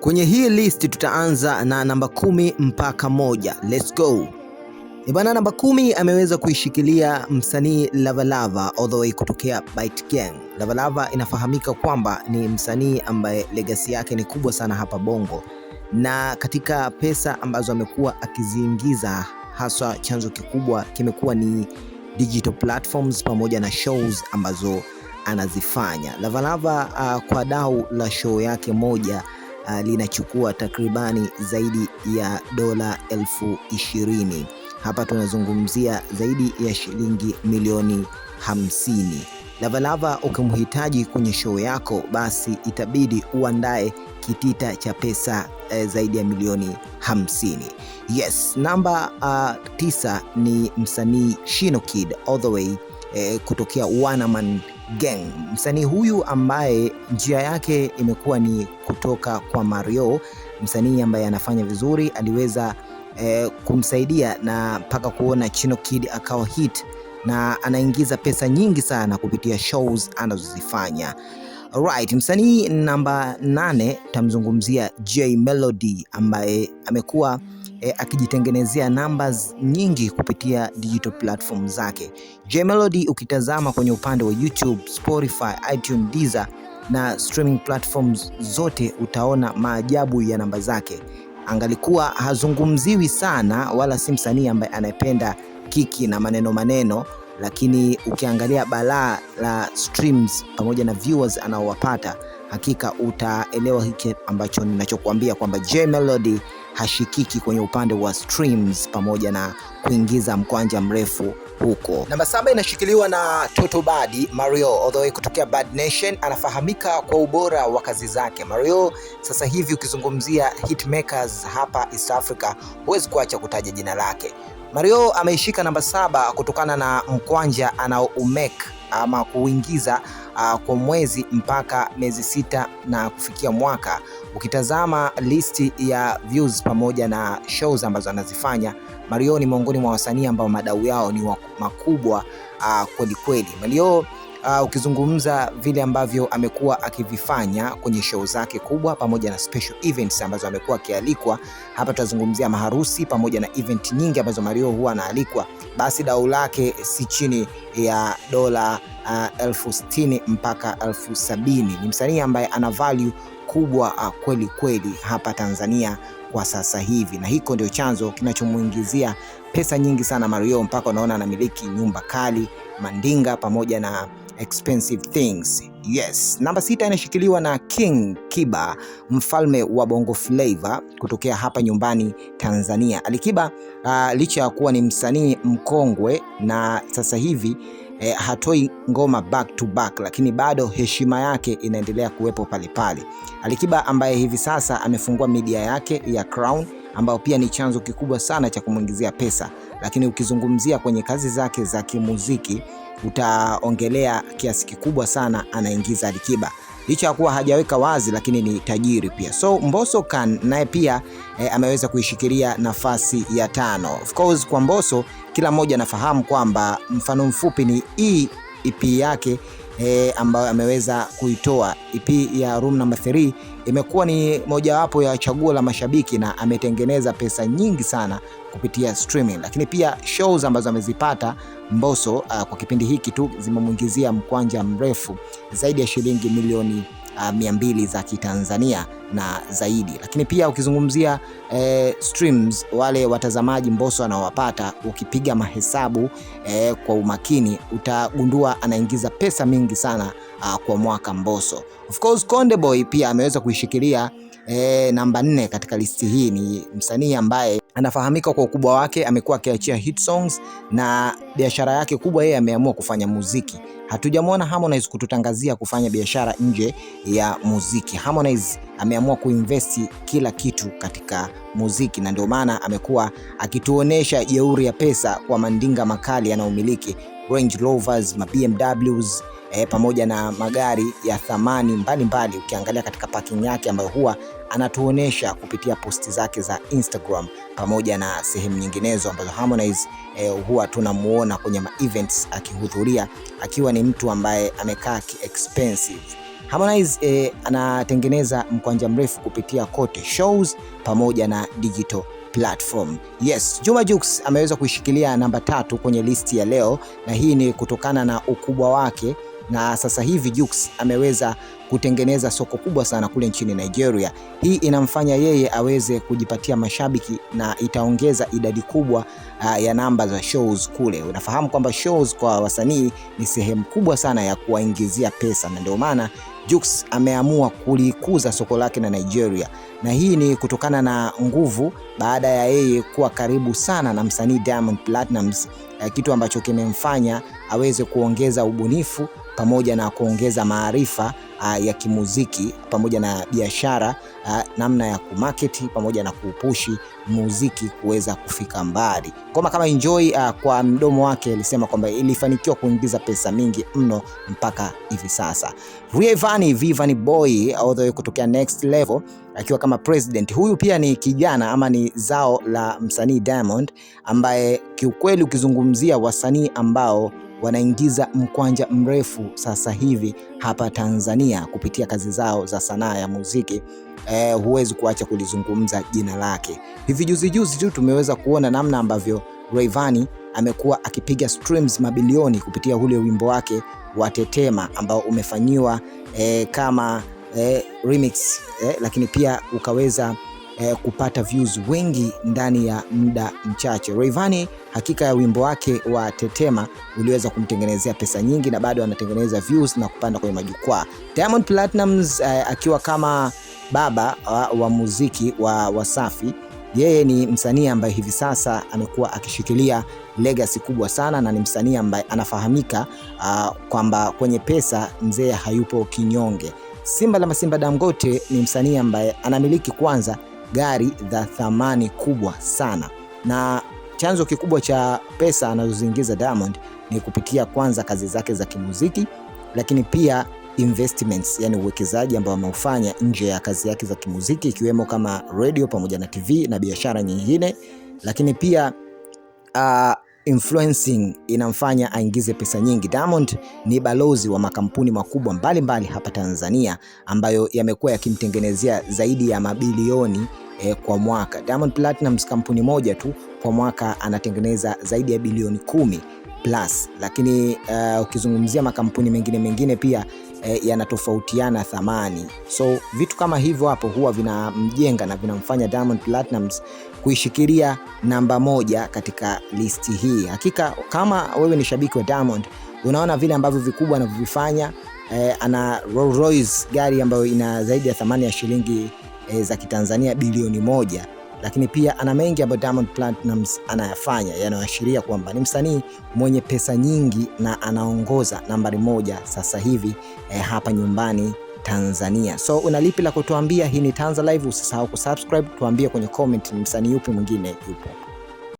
Kwenye hii list tutaanza na namba kumi mpaka moja. Let's go. Ibana, e namba kumi ameweza kuishikilia msanii Lavalava all the way kutokea Bite Gang. Lavalava inafahamika kwamba ni msanii ambaye legacy yake ni kubwa sana hapa Bongo, na katika pesa ambazo amekuwa akiziingiza haswa, chanzo kikubwa kimekuwa ni digital platforms pamoja na shows ambazo anazifanya Lavalava. Uh, kwa dau la show yake moja uh, linachukua takribani zaidi ya dola elfu ishirini. Hapa tunazungumzia zaidi ya shilingi milioni hamsini. Lavalava ukimhitaji kwenye show yako, basi itabidi uandae kitita cha pesa e, zaidi ya milioni hamsini. Yes, namba uh, tisa ni msanii Shino Kid all the way e, kutokea Wanaman Gang. Msanii huyu ambaye njia yake imekuwa ni kutoka kwa Mario, msanii ambaye anafanya vizuri, aliweza eh, kumsaidia na mpaka kuona Chino Kid akawa hit na anaingiza pesa nyingi sana kupitia shows anazozifanya. Alright, msanii namba nane tamzungumzia Jay Melody ambaye amekuwa e, akijitengenezea numbers nyingi kupitia digital platform zake. Melody ukitazama kwenye upande wa YouTube, Spotify, iTunes, Deezer na streaming platforms zote utaona maajabu ya namba zake. Angalikuwa hazungumziwi sana, wala si msanii ambaye anapenda kiki na maneno maneno, lakini ukiangalia balaa la streams pamoja na viewers anaowapata, hakika utaelewa hiki ambacho ninachokuambia kwamba Melody hashikiki kwenye upande wa streams pamoja na kuingiza mkwanja mrefu huko. Namba saba inashikiliwa na Toto Badi Mario, although kutokea Bad Nation, anafahamika kwa ubora wa kazi zake. Mario sasa hivi ukizungumzia hitmakers hapa East Africa, huwezi kuacha kutaja jina lake. Mario ameishika namba saba kutokana na mkwanja anaoumeka ama kuingiza uh, kwa mwezi mpaka miezi sita na kufikia mwaka. Ukitazama listi ya views pamoja na shows ambazo anazifanya Mario, ni miongoni mwa wasanii ambao madau yao ni makubwa uh, kweli kweli Mario uh, ukizungumza vile ambavyo amekuwa akivifanya kwenye show zake kubwa pamoja na special events ambazo amekuwa akialikwa. Hapa tutazungumzia maharusi pamoja na event nyingi ambazo Mario huwa anaalikwa, basi dau lake si chini ya dola uh, elfu sitini mpaka elfu sabini. Ni msanii ambaye ana value kubwa ah, kweli kweli hapa Tanzania kwa sasa hivi, na hiko ndio chanzo kinachomuingizia pesa nyingi sana Mario, mpaka unaona anamiliki nyumba kali, mandinga pamoja na expensive things. Yes, namba sita inashikiliwa na King Kiba, mfalme wa Bongo Flava kutokea hapa nyumbani Tanzania. Alikiba uh, licha ya kuwa ni msanii mkongwe na sasa hivi e, hatoi ngoma back to back, lakini bado heshima yake inaendelea kuwepo palepale. Alikiba ambaye hivi sasa amefungua media yake ya Crown ambayo pia ni chanzo kikubwa sana cha kumwingizia pesa, lakini ukizungumzia kwenye kazi zake za kimuziki utaongelea kiasi kikubwa sana anaingiza Alikiba licha ya kuwa hajaweka wazi, lakini ni tajiri pia. So Mbosso kan naye pia e, ameweza kuishikilia nafasi ya tano. Of course kwa Mbosso, kila mmoja anafahamu kwamba mfano mfupi ni hii e EP yake e, ambayo ameweza kuitoa. EP ya Room Number 3 imekuwa ni mojawapo ya chaguo la mashabiki na ametengeneza pesa nyingi sana kupitia streaming, lakini pia shows ambazo amezipata Mbosso a, uh, kwa kipindi hiki tu zimemwingizia mkwanja mrefu zaidi ya shilingi milioni 200 uh, mia mbili za Kitanzania na zaidi. Lakini pia ukizungumzia eh, streams wale watazamaji Mbosso anaowapata, ukipiga mahesabu eh, kwa umakini utagundua anaingiza pesa mingi sana ah, kwa mwaka Mbosso. Of course Konde Boy pia ameweza kuishikilia eh, namba nne katika listi hii. Ni msanii ambaye Anafahamika kwa ukubwa wake, amekuwa akiachia hit songs na biashara yake kubwa, yeye ameamua kufanya muziki. Hatujamwona Harmonize kututangazia kufanya biashara nje ya muziki. Harmonize ameamua kuinvesti kila kitu katika muziki, na ndio maana amekuwa akituonesha jeuri ya pesa kwa mandinga makali yanayomiliki Range Rovers, ma BMWs e, pamoja na magari ya thamani mbalimbali. Ukiangalia katika parking yake ambayo huwa anatuonesha kupitia posti zake za Instagram pamoja na sehemu nyinginezo ambazo Harmonize e, huwa tunamuona kwenye ma events akihudhuria akiwa ni mtu ambaye amekaa ki expensive. Harmonize e, anatengeneza mkwanja mrefu kupitia kote shows pamoja na digital platform. Yes, Juma Jux ameweza kuishikilia namba tatu kwenye listi ya leo na hii ni kutokana na ukubwa wake na sasa hivi Jux ameweza kutengeneza soko kubwa sana kule nchini Nigeria. Hii inamfanya yeye aweze kujipatia mashabiki na itaongeza idadi kubwa uh, ya namba za shows kule. Unafahamu kwamba shows kwa wasanii ni sehemu kubwa sana ya kuwaingizia pesa, na ndio maana Jux ameamua kulikuza soko lake na Nigeria, na hii ni kutokana na nguvu baada ya yeye kuwa karibu sana na msanii Diamond Platnumz, eh, kitu ambacho kimemfanya aweze kuongeza ubunifu pamoja na kuongeza maarifa uh, ya kimuziki pamoja na biashara uh, namna ya kumarket pamoja na kuupushi muziki kuweza kufika mbali. Ngoma kama Enjoy uh, kwa mdomo wake alisema kwamba ilifanikiwa kuingiza pesa mingi mno mpaka hivi sasa. Rayvanny Vivani Boy although kutokea Next Level akiwa kama president, huyu pia ni kijana ama ni zao la msanii Diamond ambaye kiukweli ukizungumzia wasanii ambao wanaingiza mkwanja mrefu sasa hivi hapa Tanzania kupitia kazi zao za sanaa ya muziki. Eh, huwezi kuacha kulizungumza jina lake. Hivi juzi juzi tu tumeweza kuona namna ambavyo Rayvanny amekuwa akipiga streams mabilioni kupitia ule wimbo wake wa Tetema ambao umefanyiwa eh, kama eh, remix eh, lakini pia ukaweza eh, kupata views wengi ndani ya muda mchache. Rayvanny hakika ya wimbo wake wa Tetema uliweza kumtengenezea pesa nyingi na bado anatengeneza views na kupanda kwenye majukwaa. Diamond Platnumz eh, akiwa kama baba wa, wa muziki wa Wasafi yeye ni msanii ambaye hivi sasa amekuwa akishikilia legacy kubwa sana na ni msanii ambaye anafahamika uh, kwamba kwenye pesa mzee hayupo kinyonge. Simba la Masimba Dangote ni msanii ambaye anamiliki kwanza gari za thamani kubwa sana, na chanzo kikubwa cha pesa anazoziingiza Diamond ni kupitia kwanza kazi zake za kimuziki, lakini pia investments, yani uwekezaji ambao ameufanya nje ya kazi yake za kimuziki ikiwemo kama radio pamoja na TV na biashara nyingine, lakini pia uh, influencing inamfanya aingize pesa nyingi. Diamond ni balozi wa makampuni makubwa mbalimbali hapa Tanzania ambayo yamekuwa yakimtengenezea zaidi ya mabilioni eh, kwa mwaka. Diamond Platnumz kampuni moja tu kwa mwaka anatengeneza zaidi ya bilioni kumi plus, lakini uh, ukizungumzia makampuni mengine mengine pia eh, yanatofautiana thamani. So vitu kama hivyo hapo huwa vinamjenga na vinamfanya Diamond Platnumz kuishikilia namba moja katika listi hii. Hakika kama wewe ni shabiki wa Diamond, unaona vile ambavyo vikubwa anavyovifanya. Eh, ana Rolls Royce gari ambayo ina zaidi ya thamani ya shilingi eh, za Kitanzania bilioni moja, lakini pia ana mengi ambayo Diamond Platnumz anayafanya yanayoashiria kwamba ni msanii mwenye pesa nyingi na anaongoza nambari moja sasa hivi eh, hapa nyumbani Tanzania. So unalipi la kutuambia? Hii ni Tanza Live, usisahau kusubscribe, tuambie kwenye comment ni msanii yupi mwingine yupo.